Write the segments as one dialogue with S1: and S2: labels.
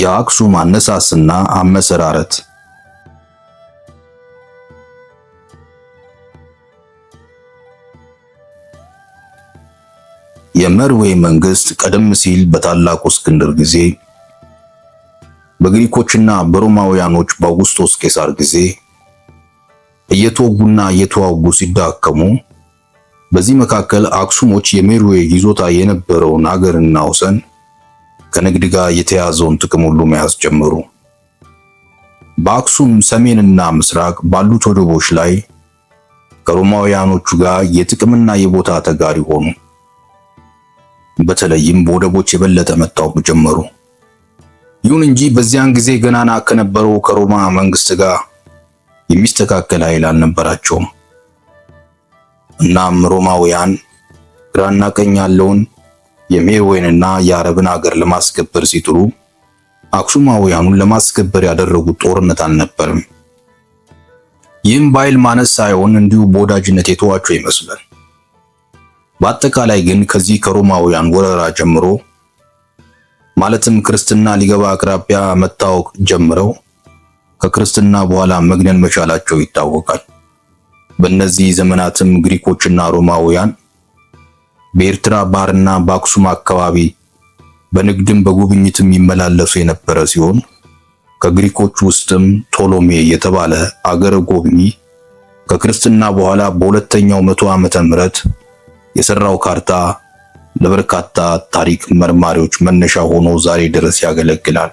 S1: የአክሱም አነሳስና አመሰራረት የመርዌ መንግስት ቀደም ሲል በታላቁ እስክንድር ጊዜ በግሪኮችና በሮማውያኖች በአውጉስጦስ ቄሳር ጊዜ እየተወጉና እየተዋጉ ሲዳከሙ በዚህ መካከል አክሱሞች የመርዌ ይዞታ የነበረውን አገርና ወሰን ከንግድ ጋር የተያዘውን ጥቅም ሁሉ መያዝ ጀመሩ። በአክሱም ሰሜንና ምስራቅ ባሉት ወደቦች ላይ ከሮማውያኖቹ ጋር የጥቅምና የቦታ ተጋሪ ሆኑ። በተለይም በወደቦች የበለጠ መታወቅ ጀመሩ። ይሁን እንጂ በዚያን ጊዜ ገናና ከነበረው ከሮማ መንግስት ጋር የሚስተካከል ኃይል አልነበራቸውም። እናም ሮማውያን ግራና ቀኝ ያለውን የሜዌንና የአረብን አገር ለማስከበር ሲጥሩ አክሱማውያኑን ለማስከበር ያደረጉት ጦርነት አልነበርም። ይህም በኃይል ማነስ ሳይሆን እንዲሁ በወዳጅነት የተዋቸው ይመስላል። በአጠቃላይ ግን ከዚህ ከሮማውያን ወረራ ጀምሮ ማለትም ክርስትና ሊገባ አቅራቢያ መታወቅ ጀምረው ከክርስትና በኋላ መግነን መቻላቸው ይታወቃል። በእነዚህ ዘመናትም ግሪኮችና ሮማውያን በኤርትራ ባህርና በአክሱም አካባቢ በንግድም በጉብኝትም ይመላለሱ የነበረ ሲሆን ከግሪኮች ውስጥም ቶሎሜ የተባለ አገረ ጎብኚ ከክርስትና በኋላ በሁለተኛው መቶ ዓመተ ምህረት የሰራው ካርታ ለበርካታ ታሪክ መርማሪዎች መነሻ ሆኖ ዛሬ ድረስ ያገለግላል።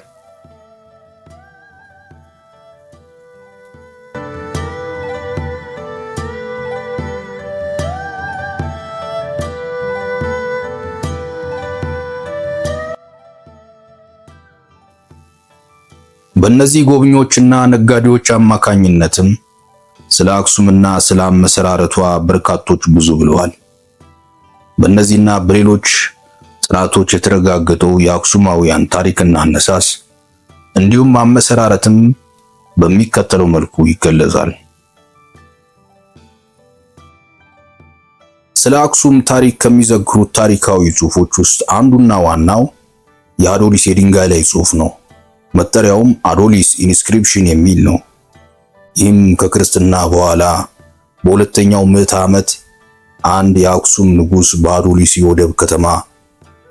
S1: በእነዚህ ጎብኚዎችና ነጋዴዎች አማካኝነትም ስለ አክሱምና ስለ አመሰራረቷ በርካቶች ብዙ ብለዋል። በእነዚህና በሌሎች ጥናቶች የተረጋገጠው የአክሱማውያን ታሪክና አነሳስ እንዲሁም አመሰራረትም በሚከተለው መልኩ ይገለጻል። ስለ አክሱም ታሪክ ከሚዘክሩት ታሪካዊ ጽሑፎች ውስጥ አንዱና ዋናው የአዶሊስ የድንጋይ ላይ ጽሑፍ ነው። መጠሪያውም አዶሊስ ኢንስክሪፕሽን የሚል ነው። ይህም ከክርስትና በኋላ በሁለተኛው ምዕተ ዓመት አንድ የአክሱም ንጉሥ በአዶሊስ የወደብ ከተማ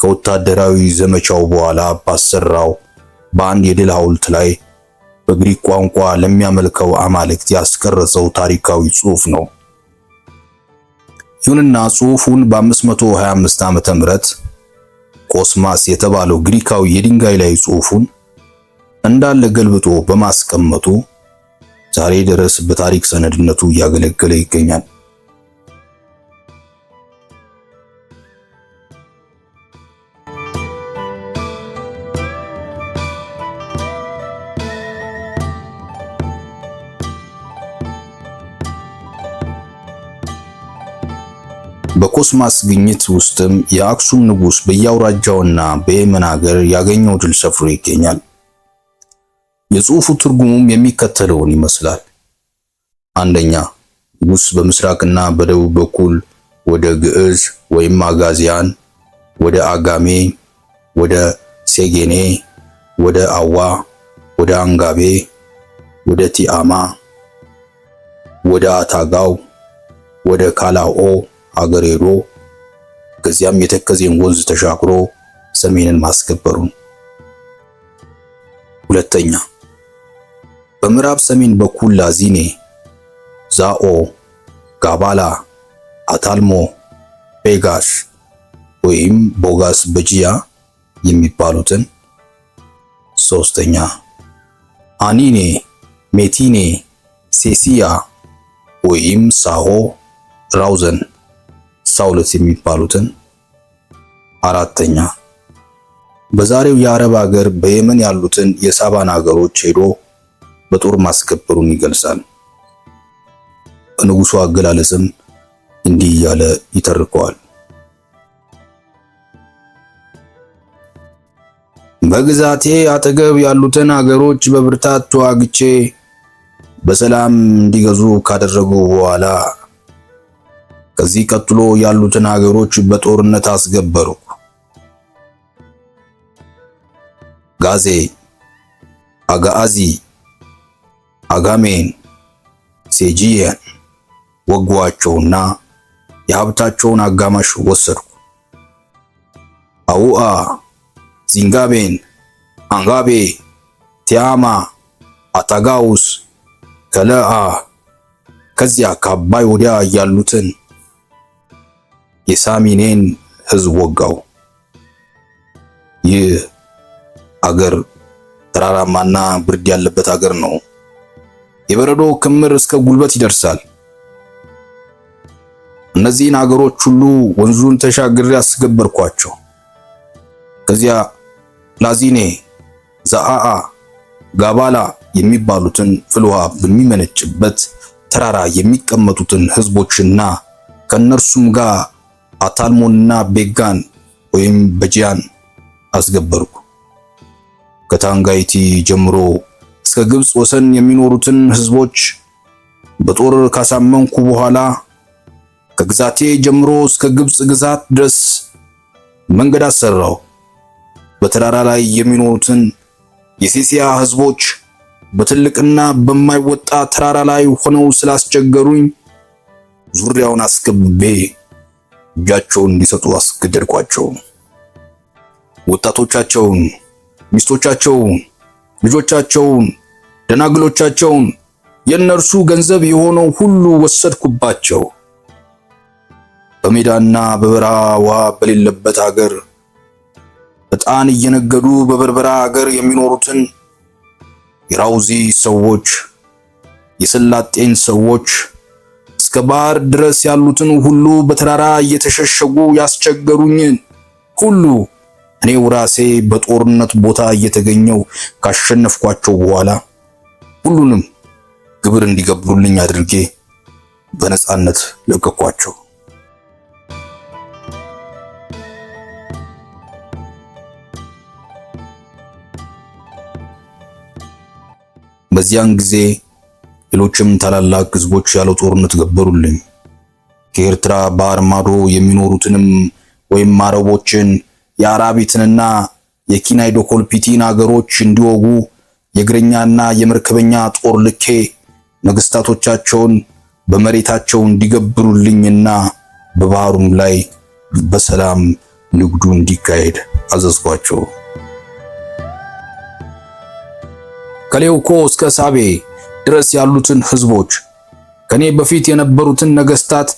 S1: ከወታደራዊ ዘመቻው በኋላ ባሰራው በአንድ የድል ሐውልት ላይ በግሪክ ቋንቋ ለሚያመልከው አማልክት ያስቀረጸው ታሪካዊ ጽሑፍ ነው። ይሁንና ጽሑፉን በ525 ዓመተ ምህረት ኮስማስ የተባለው ግሪካዊ የድንጋይ ላይ ጽሑፉን እንዳለ ገልብጦ በማስቀመጡ ዛሬ ድረስ በታሪክ ሰነድነቱ እያገለገለ ይገኛል። በኮስማስ ግኝት ውስጥም የአክሱም ንጉሥ በየአውራጃውና በየመን ሀገር ያገኘው ድል ሰፍሮ ይገኛል። የጽሑፉ ትርጉሙም የሚከተለውን ይመስላል። አንደኛ ንጉስ በምስራቅና በደቡብ በኩል ወደ ግዕዝ ወይም አጋዚያን፣ ወደ አጋሜ፣ ወደ ሴጌኔ፣ ወደ አዋ፣ ወደ አንጋቤ፣ ወደ ቲአማ፣ ወደ አታጋው፣ ወደ ካላኦ አገር ሄዶ ከዚያም የተከዜን ወንዝ ተሻግሮ ሰሜንን ማስከበሩን። ሁለተኛ በምዕራብ ሰሜን በኩል ላዚኔ፣ ዛኦ፣ ጋባላ፣ አታልሞ፣ ቤጋሽ ወይም ቦጋስ በጂያ የሚባሉትን ሶስተኛ አኒኔ፣ ሜቲኔ፣ ሴሲያ ወይም ሳሆ፣ ራውዘን ሳውለት የሚባሉትን አራተኛ በዛሬው የአረብ ሀገር በየመን ያሉትን የሳባን ሀገሮች ሄዶ በጦር ማስከበሩን ይገልጻል። በንጉሱ አገላለጽም እንዲህ እያለ ይተርከዋል። በግዛቴ አጠገብ ያሉትን አገሮች በብርታት ተዋግቼ በሰላም እንዲገዙ ካደረጉ በኋላ ከዚህ ቀጥሎ ያሉትን አገሮች በጦርነት አስገበሩ። ጋዜ አጋአዚ አጋሜን፣ ሴጂየን ወጓቸውና የሀብታቸውን አጋማሽ ወሰድኩ። አውአ ዚንጋቤን፣ አንጋቤ፣ ቲያማ፣ አታጋውስ፣ ከለአ ከዚያ ከአባይ ወዲያ ያሉትን የሳሚኔን ህዝብ ወጋው። ይህ አገር ተራራማና ብርድ ያለበት አገር ነው። የበረዶ ክምር እስከ ጉልበት ይደርሳል። እነዚህን አገሮች ሁሉ ወንዙን ተሻግሬ አስገበርኳቸው። ከዚያ ላዚኔ፣ ዛአአ፣ ጋባላ የሚባሉትን ፍልውሃ በሚመነጭበት ተራራ የሚቀመጡትን ህዝቦችና ከእነርሱም ጋር አታልሞንና ቤጋን ወይም በጂያን አስገበርኩ። ከታንጋይቲ ጀምሮ እስከ ግብጽ ወሰን የሚኖሩትን ህዝቦች በጦር ካሳመንኩ በኋላ ከግዛቴ ጀምሮ እስከ ግብጽ ግዛት ድረስ መንገድ አሰራው። በተራራ ላይ የሚኖሩትን የሲሲያ ህዝቦች በትልቅና በማይወጣ ተራራ ላይ ሆነው ስላስቸገሩኝ ዙሪያውን አስከብቤ እጃቸውን እንዲሰጡ አስገደድኳቸው። ወጣቶቻቸውን፣ ሚስቶቻቸውን፣ ልጆቻቸውን ደናግሎቻቸውን የእነርሱ ገንዘብ የሆነው ሁሉ ወሰድኩባቸው። በሜዳና በበረሃ ውሃ በሌለበት አገር በጣን እየነገዱ በበርበራ አገር የሚኖሩትን የራውዚ ሰዎች የስላጤን ሰዎች እስከ ባህር ድረስ ያሉትን ሁሉ በተራራ እየተሸሸጉ ያስቸገሩኝን ሁሉ እኔው ራሴ በጦርነት ቦታ እየተገኘው ካሸነፍኳቸው በኋላ ሁሉንም ግብር እንዲገብሩልኝ አድርጌ በነጻነት ለቀኳቸው። በዚያን ጊዜ ሌሎችም ታላላቅ ህዝቦች ያለ ጦርነት ገበሩልኝ። ከኤርትራ ባህር ማዶ የሚኖሩትንም ወይም አረቦችን የአራቢትንና የኪናይዶኮልፒቲን አገሮች እንዲወጉ የእግረኛና የመርከበኛ ጦር ልኬ ነገስታቶቻቸውን በመሬታቸው እንዲገብሩልኝና በባህሩም ላይ በሰላም ንግዱ እንዲካሄድ አዘዝኳቸው። ከሌውኮ እስከ ሳቤ ድረስ ያሉትን ህዝቦች ከኔ በፊት የነበሩትን ነገስታት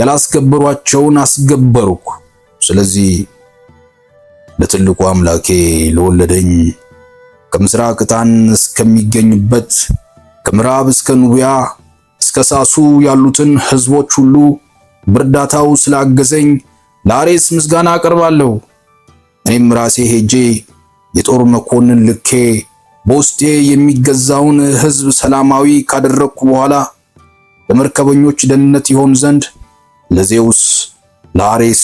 S1: ያላስገበሯቸውን አስገበሩኩ። ስለዚህ ለትልቁ አምላኬ ለወለደኝ ከምስራቅ ዕጣን እስከሚገኝበት ከምዕራብ እስከ ኑቢያ እስከ ሳሱ ያሉትን ህዝቦች ሁሉ በእርዳታው ስላገዘኝ ለአሬስ ምስጋና አቀርባለሁ። እኔም ራሴ ሄጄ የጦር መኮንን ልኬ በውስጤ የሚገዛውን ህዝብ ሰላማዊ ካደረግኩ በኋላ ለመርከበኞች ደህንነት ይሆን ዘንድ ለዜውስ፣ ለአሬስ፣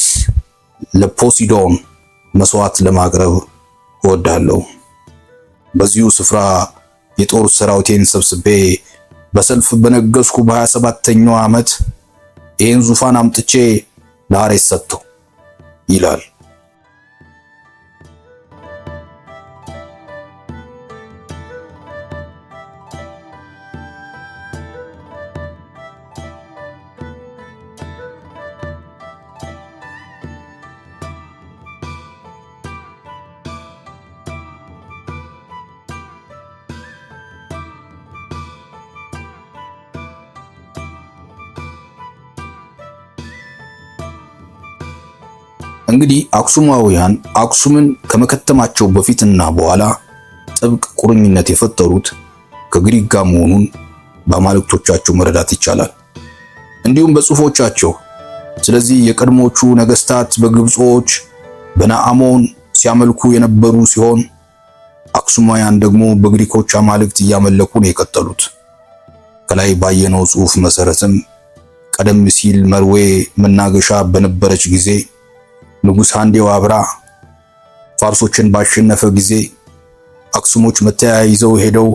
S1: ለፖሲዶን መስዋዕት ለማቅረብ እወዳለሁ። በዚሁ ስፍራ የጦር ሰራዊቴን ሰብስቤ በሰልፍ በነገስኩ በሀያ ሰባተኛው ዓመት ይህን ዙፋን አምጥቼ ለአሬስ ሰጥቶ ይላል። እንግዲህ አክሱማውያን አክሱምን ከመከተማቸው በፊትና በኋላ ጥብቅ ቁርኝነት የፈጠሩት ከግሪክ ጋር መሆኑን በአማልክቶቻቸው መረዳት ይቻላል፣ እንዲሁም በጽሁፎቻቸው ስለዚህ የቀድሞቹ ነገስታት በግብጾች በነአሞን ሲያመልኩ የነበሩ ሲሆን አክሱማውያን ደግሞ በግሪኮች አማልክት እያመለኩ ነው የቀጠሉት። ከላይ ባየነው ጽሁፍ መሰረትም ቀደም ሲል መርዌ መናገሻ በነበረች ጊዜ ንጉሥ አንዴው አብራ ፋርሶችን ባሸነፈ ጊዜ አክሱሞች መተያ ይዘው ሄደው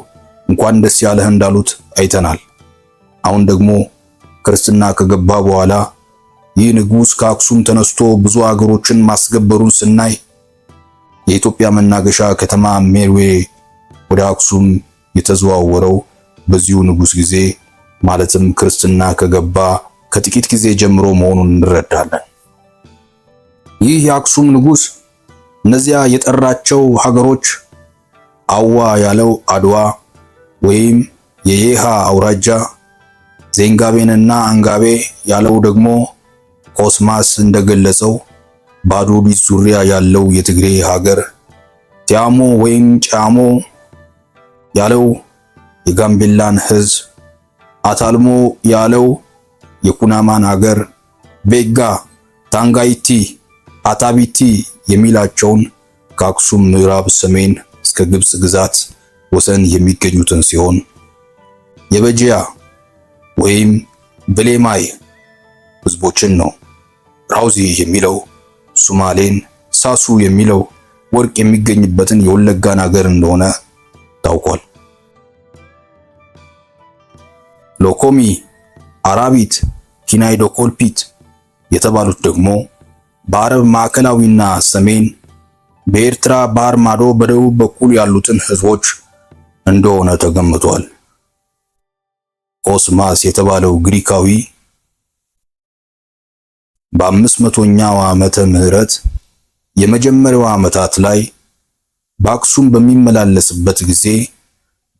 S1: እንኳን ደስ ያለህ እንዳሉት አይተናል። አሁን ደግሞ ክርስትና ከገባ በኋላ ይህ ንጉሥ ከአክሱም ተነስቶ ብዙ አገሮችን ማስገበሩን ስናይ የኢትዮጵያ መናገሻ ከተማ ሜርዌ ወደ አክሱም የተዘዋወረው በዚሁ ንጉሥ ጊዜ ማለትም ክርስትና ከገባ ከጥቂት ጊዜ ጀምሮ መሆኑን እንረዳለን። ይህ የአክሱም ንጉሥ እነዚያ የጠራቸው ሀገሮች አዋ ያለው አድዋ ወይም የየሃ አውራጃ፣ ዜንጋቤንና አንጋቤ ያለው ደግሞ ኮስማስ እንደገለጸው በአዶቢስ ዙሪያ ያለው የትግሬ ሀገር፣ ቲያሞ ወይም ጫሞ ያለው የጋምቤላን ሕዝብ፣ አታልሞ ያለው የኩናማን ሀገር፣ ቤጋ ታንጋይቲ አታቢቲ የሚላቸውን ከአክሱም ምዕራብ ሰሜን እስከ ግብጽ ግዛት ወሰን የሚገኙትን ሲሆን የበጂያ ወይም ብሌማይ ህዝቦችን ነው። ራውዚ የሚለው ሱማሌን፣ ሳሱ የሚለው ወርቅ የሚገኝበትን የወለጋን ሀገር እንደሆነ ታውቋል። ሎኮሚ፣ አራቢት፣ ኪናይዶኮልፒት ኮልፒት የተባሉት ደግሞ በአረብ ማዕከላዊና ሰሜን፣ በኤርትራ ባህር ማዶ በደቡብ በኩል ያሉትን ህዝቦች እንደሆነ ተገምቷል። ኮስማስ የተባለው ግሪካዊ በአምስት መቶኛው ዓመተ ምህረት የመጀመሪያው ዓመታት ላይ በአክሱም በሚመላለስበት ጊዜ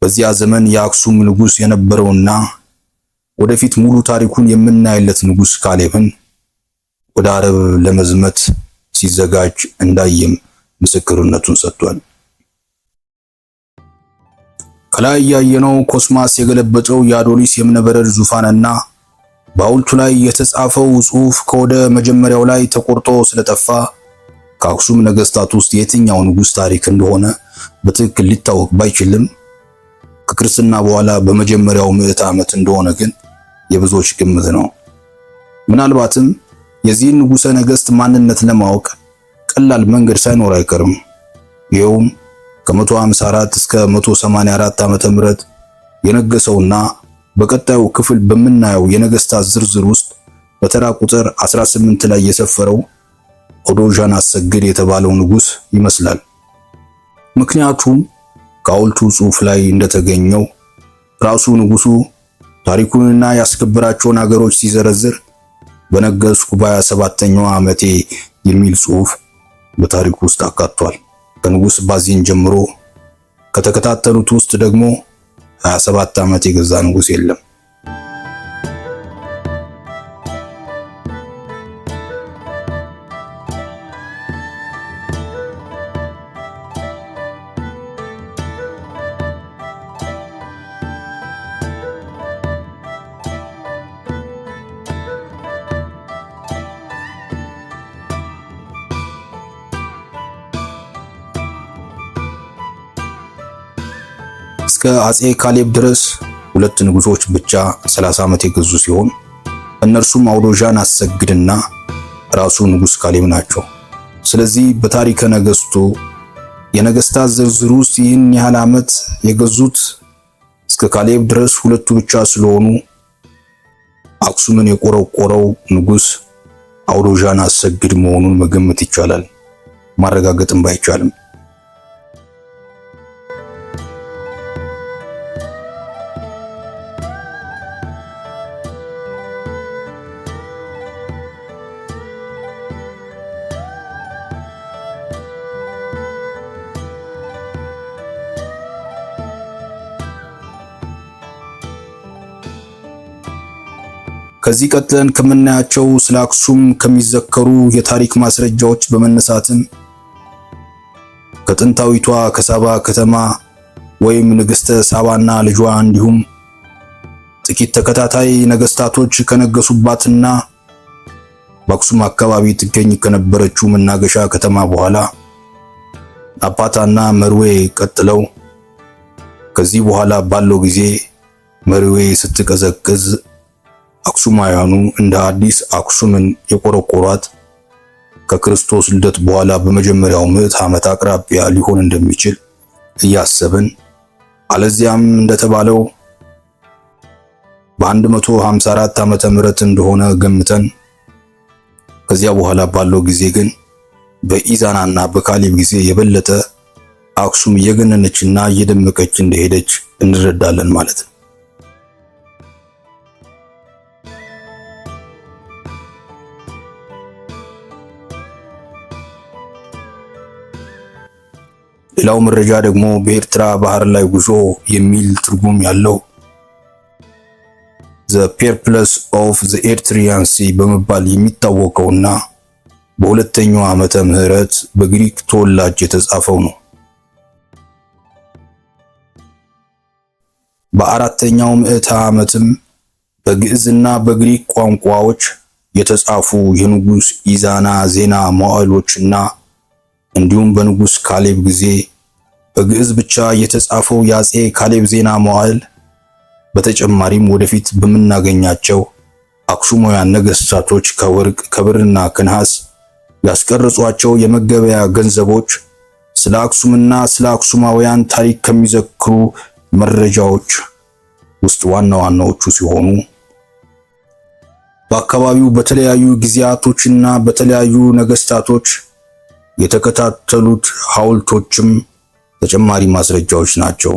S1: በዚያ ዘመን የአክሱም ንጉስ የነበረውና ወደፊት ሙሉ ታሪኩን የምናይለት ንጉስ ካሌብን ወደ አረብ ለመዝመት ሲዘጋጅ እንዳየም ምስክርነቱን ሰጥቷል። ከላይ ያየነው ኮስማስ የገለበጠው የአዶሊስ የእብነበረድ ዙፋንና በሐውልቱ ላይ የተጻፈው ጽሑፍ ከወደ መጀመሪያው ላይ ተቆርጦ ስለጠፋ ከአክሱም ነገስታት ውስጥ የትኛው ንጉስ ታሪክ እንደሆነ በትክክል ሊታወቅ ባይችልም ከክርስትና በኋላ በመጀመሪያው ምዕት ዓመት እንደሆነ ግን የብዙዎች ግምት ነው። ምናልባትም የዚህን ንጉሠ ነገሥት ማንነት ለማወቅ ቀላል መንገድ ሳይኖር አይቀርም። ይኸውም ከ154 እስከ 184 ዓመተ ምህረት የነገሰውና በቀጣዩ ክፍል በምናየው የነገስታት ዝርዝር ውስጥ በተራ ቁጥር 18 ላይ የሰፈረው ኦዶዣን አሰግድ የተባለው ንጉስ ይመስላል። ምክንያቱም ከሐውልቱ ጽሑፍ ላይ እንደተገኘው ራሱ ንጉሱ ታሪኩንና ያስከበራቸውን አገሮች ሲዘረዝር በነገስኩ በሀያ ሰባተኛው ዓመቴ የሚል ጽሑፍ በታሪኩ ውስጥ አካቷል። ከንጉስ ባዜን ጀምሮ ከተከታተሉት ውስጥ ደግሞ 27 ዓመት የገዛ ንጉስ የለም። እስከ አጼ ካሌብ ድረስ ሁለት ንጉሶች ብቻ 30 ዓመት የገዙ ሲሆን እነርሱም አውዶዣን አሰግድና ራሱ ንጉስ ካሌብ ናቸው። ስለዚህ በታሪከ ነገስቱ የነገስታት ዝርዝር ውስጥ ይህን ያህል ዓመት የገዙት እስከ ካሌብ ድረስ ሁለቱ ብቻ ስለሆኑ አክሱምን የቆረቆረው ንጉስ አውዶዣን አሰግድ መሆኑን መገመት ይቻላል፣ ማረጋገጥም ባይቻልም። ከዚህ ቀጥለን ከምናያቸው ስለ አክሱም ከሚዘከሩ የታሪክ ማስረጃዎች በመነሳትም ከጥንታዊቷ ከሳባ ከተማ ወይም ንግስተ ሳባና ልጇ እንዲሁም ጥቂት ተከታታይ ነገስታቶች ከነገሱባትና በአክሱም አካባቢ ትገኝ ከነበረችው መናገሻ ከተማ በኋላ አባታና መርዌ ቀጥለው ከዚህ በኋላ ባለው ጊዜ መርዌ ስትቀዘቅዝ አክሱማውያኑ እንደ አዲስ አክሱምን የቆረቆሯት ከክርስቶስ ልደት በኋላ በመጀመሪያው ምዕት ዓመት አቅራቢያ ሊሆን እንደሚችል እያሰብን አለዚያም እንደተባለው በ154 ዓመተ ምህረት እንደሆነ ገምተን ከዚያ በኋላ ባለው ጊዜ ግን በኢዛናና በካሊብ ጊዜ የበለጠ አክሱም እየገነነችና እየደመቀች እንደሄደች እንረዳለን ማለት ነው። ሌላው መረጃ ደግሞ በኤርትራ ባህር ላይ ጉዞ የሚል ትርጉም ያለው ዘ ፐርፕለስ ኦፍ ዘ ኤርትሪያን ሲ በመባል የሚታወቀውና በሁለተኛው ዓመተ ምህረት በግሪክ ተወላጅ የተጻፈው ነው። በአራተኛው ምዕተ ዓመትም በግዕዝና በግሪክ ቋንቋዎች የተጻፉ የንጉስ ኢዛና ዜና መዋዕሎችና እንዲሁም በንጉስ ካሌብ ጊዜ በግዕዝ ብቻ የተጻፈው የአፄ ካሌብ ዜና መዋዕል በተጨማሪም ወደፊት በምናገኛቸው አክሱማውያን ነገስታቶች ከወርቅ ከብርና ከነሐስ ያስቀረጿቸው የመገበያ ገንዘቦች ስለ አክሱምና ስለ አክሱማውያን ታሪክ ከሚዘክሩ መረጃዎች ውስጥ ዋና ዋናዎቹ ሲሆኑ በአካባቢው በተለያዩ ጊዜያቶችና በተለያዩ ነገስታቶች የተከታተሉት ሐውልቶችም ተጨማሪ ማስረጃዎች ናቸው።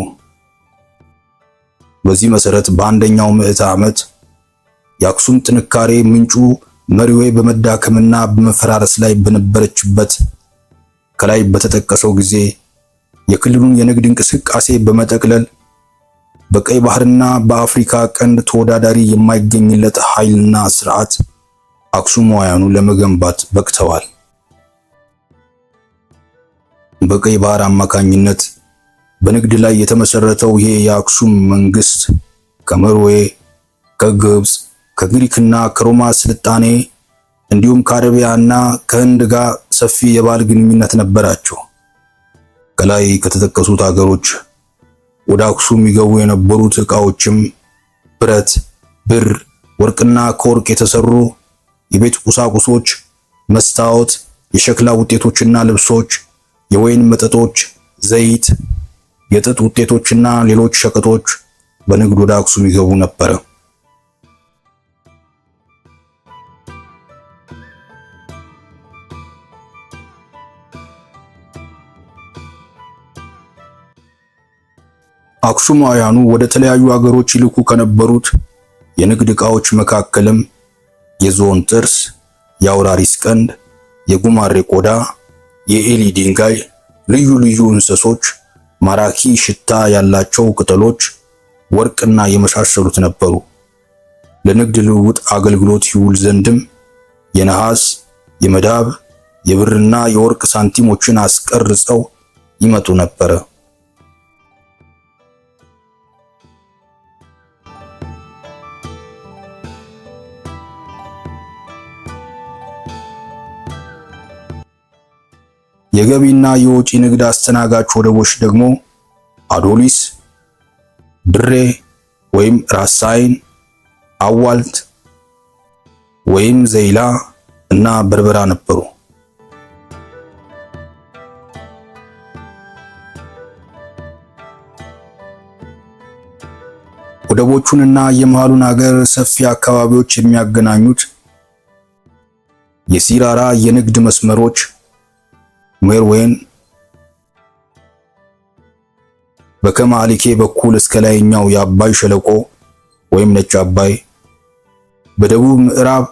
S1: በዚህ መሰረት በአንደኛው ምዕተ ዓመት የአክሱም ጥንካሬ ምንጩ መሪዌ በመዳከምና በመፈራረስ ላይ በነበረችበት ከላይ በተጠቀሰው ጊዜ የክልሉን የንግድ እንቅስቃሴ በመጠቅለል በቀይ ባህርና በአፍሪካ ቀንድ ተወዳዳሪ የማይገኝለት ኃይልና ስርዓት አክሱማውያኑ ለመገንባት በቅተዋል። በቀይ ባህር አማካኝነት በንግድ ላይ የተመሰረተው ይሄ የአክሱም መንግስት ከኖርዌይ፣ ከግብፅ፣ ከግሪክና ከሮማ ስልጣኔ እንዲሁም ከአረቢያና ከህንድ ጋር ሰፊ የባህል ግንኙነት ነበራቸው። ከላይ ከተጠቀሱት አገሮች ወደ አክሱም ይገቡ የነበሩት ዕቃዎችም ብረት፣ ብር፣ ወርቅና ከወርቅ የተሰሩ የቤት ቁሳቁሶች፣ መስታወት፣ የሸክላ ውጤቶችና ልብሶች የወይን መጠጦች፣ ዘይት፣ የጥጥ ውጤቶችና ሌሎች ሸቀጦች በንግድ ወደ አክሱም ይገቡ ነበር። አክሱማውያኑ ወደ ተለያዩ አገሮች ይልኩ ከነበሩት የንግድ ዕቃዎች መካከልም የዝሆን ጥርስ፣ የአውራሪስ ቀንድ፣ የጉማሬ ቆዳ የኤሊ ድንጋይ፣ ልዩ ልዩ እንሰሶች፣ ማራኪ ሽታ ያላቸው ቅጠሎች፣ ወርቅና የመሳሰሉት ነበሩ። ለንግድ ልውውጥ አገልግሎት ይውል ዘንድም የነሐስ፣ የመዳብ፣ የብርና የወርቅ ሳንቲሞችን አስቀርጸው ይመጡ ነበር። የገቢና የውጪ ንግድ አስተናጋጅ ወደቦች ደግሞ አዶሊስ፣ ድሬ ወይም ራስ አይን፣ አዋልት ወይም ዘይላ እና በርበራ ነበሩ። ወደቦቹንና የመሃሉን ሀገር ሰፊ አካባቢዎች የሚያገናኙት የሲራራ የንግድ መስመሮች ሜርዌን በከማሊኬ በኩል እስከ ላይኛው የአባይ ሸለቆ ወይም ነጭ አባይ፣ በደቡብ ምዕራብ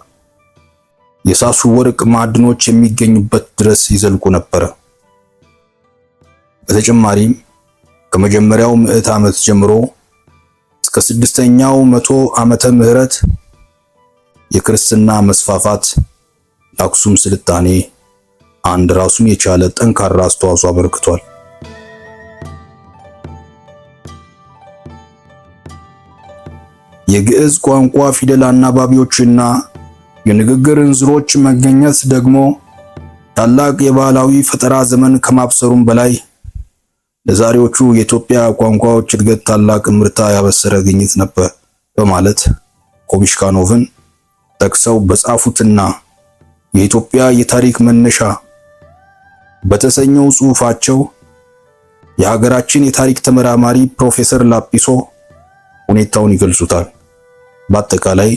S1: የሳሱ ወርቅ ማዕድኖች የሚገኙበት ድረስ ይዘልቁ ነበረ። በተጨማሪም ከመጀመሪያው ምዕት ዓመት ጀምሮ እስከ ስድስተኛው መቶ ዓመተ ምህረት የክርስትና መስፋፋት ለአክሱም ስልጣኔ አንድ ራሱን የቻለ ጠንካራ አስተዋጽኦ አበርክቷል። የግዕዝ ቋንቋ ፊደል አናባቢዎችና የንግግር እንዝሮች መገኘት ደግሞ ታላቅ የባህላዊ ፈጠራ ዘመን ከማብሰሩም በላይ ለዛሬዎቹ የኢትዮጵያ ቋንቋዎች እድገት ታላቅ ምርታ ያበሰረ ግኝት ነበር በማለት ኮሚሽካኖቭን ጠቅሰው በጻፉትና የኢትዮጵያ የታሪክ መነሻ በተሰኘው ጽሑፋቸው የሀገራችን የታሪክ ተመራማሪ ፕሮፌሰር ላጲሶ ሁኔታውን ይገልጹታል። በአጠቃላይ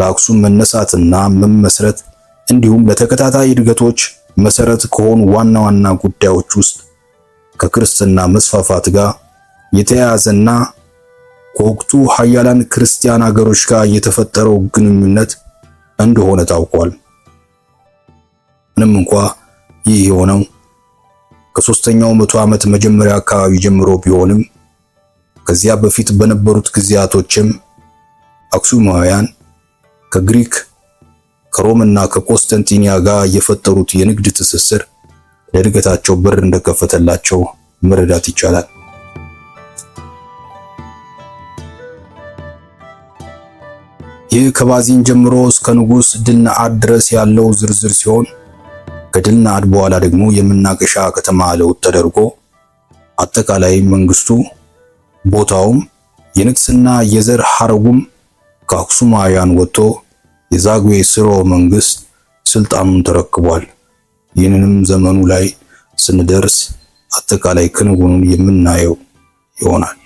S1: ለአክሱም መነሳትና መመስረት እንዲሁም ለተከታታይ እድገቶች መሰረት ከሆኑ ዋና ዋና ጉዳዮች ውስጥ ከክርስትና መስፋፋት ጋር የተያያዘና ከወቅቱ ሀያላን ክርስቲያን አገሮች ጋር የተፈጠረው ግንኙነት እንደሆነ ታውቋል። ምንም እንኳ ይህ የሆነው ከሶስተኛው መቶ ዓመት መጀመሪያ አካባቢ ጀምሮ ቢሆንም ከዚያ በፊት በነበሩት ጊዜያቶችም አክሱማውያን ከግሪክ ከሮምና ከቆስጠንጢንያ ጋር የፈጠሩት የንግድ ትስስር ለእድገታቸው በር እንደከፈተላቸው መረዳት ይቻላል። ይህ ከባዚን ጀምሮ እስከ ንጉስ ድልነአድ ድረስ ያለው ዝርዝር ሲሆን ከድል ናዕድ በኋላ ደግሞ የመናገሻ ከተማ ለውጥ ተደርጎ አጠቃላይ መንግስቱ ቦታውም የንግስና የዘር ሐረጉም ከአክሱማውያን ወጥቶ የዛጉዌ ስሮ መንግስት ስልጣኑን ተረክቧል። ይህንንም ዘመኑ ላይ ስንደርስ አጠቃላይ ክንውኑን የምናየው ይሆናል።